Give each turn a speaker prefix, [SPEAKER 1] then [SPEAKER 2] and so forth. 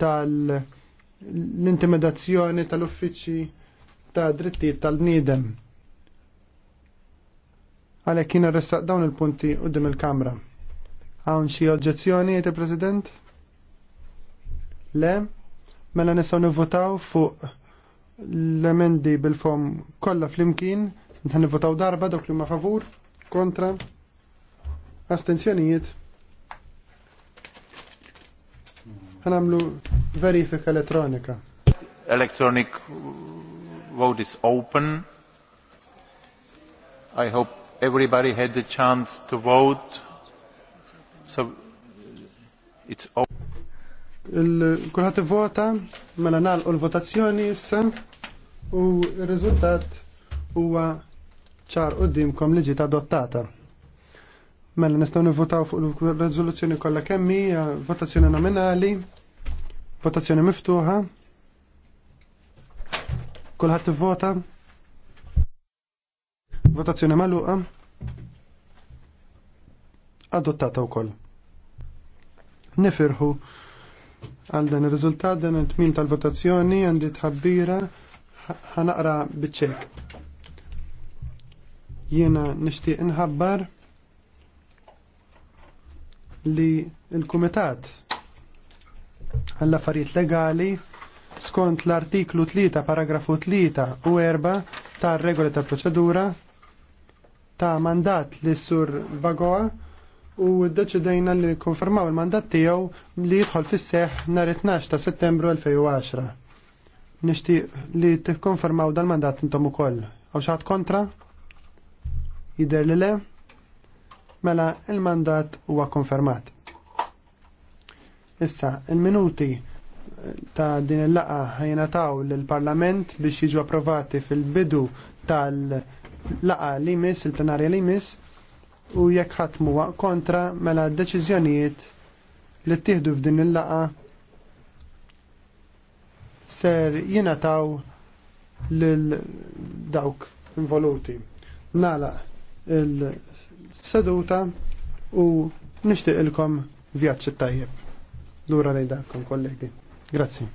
[SPEAKER 1] tal-intimidazzjoni tal-uffiċċji ta' drittijiet tal-bniedem. Għalhekk kien arrestaq dawn il-punti qudiem il-Kamra. Hawn xi oġġezzjoni jgħid president Le, mela nistgħu nivvotaw fuq l-emendi bil-fom kollha flimkien, nħan nivvotaw darba dok li ma favur, kontra, astenzjonijiet. Għanamlu Verifika elektronika. Electronic vote is open. I hope everybody had the chance to vote. So it's open. Kulħat vota, mela u l-votazzjoni issa u il riżultat huwa ċar dimkom liġi ta' adottata. Mela nistgħu nivvotaw fuq il-riżoluzzjoni kollha kemm hija votazzjoni nominali. Votazzjoni miftuħa. Kulħadd tivvota. Votazzjoni magħluqa. Adottata wkoll. Nifirħu għal dan ir-riżultat dan it-tmim tal-votazzjoni għandi tħabbira ħanaqra biċċek. Jiena nixtieq inħabbar li l-Kumitat għall-affarijiet legali skont l-artiklu 3 paragrafu 3 u 4 ta' regola ta' proċedura ta' mandat li sur Bagoa u deċidejna li konfermaw il-mandat tiegħu li jidħol fis-seħ nhar 12 ta' Settembru 2010. Nixtieq li tikkonfermaw dal-mandat intom ukoll. Aw xaħat kontra? Jider li le? Mela il-mandat huwa konfermat. Issa, il-minuti eh, ta' din il-laqa ta'w l-Parlament biex jiġu approvati fil-bidu tal-laqa li mis, il-plenarja li mis, u jekk ħatmu kontra mela deċiżjonijiet li ttieħdu f'din il-laqa ser taw lil dawk involuti. Nala il-seduta u nixtieq ilkom vjaġġ tajjeb lura lejn dakom kollegi. Grazie.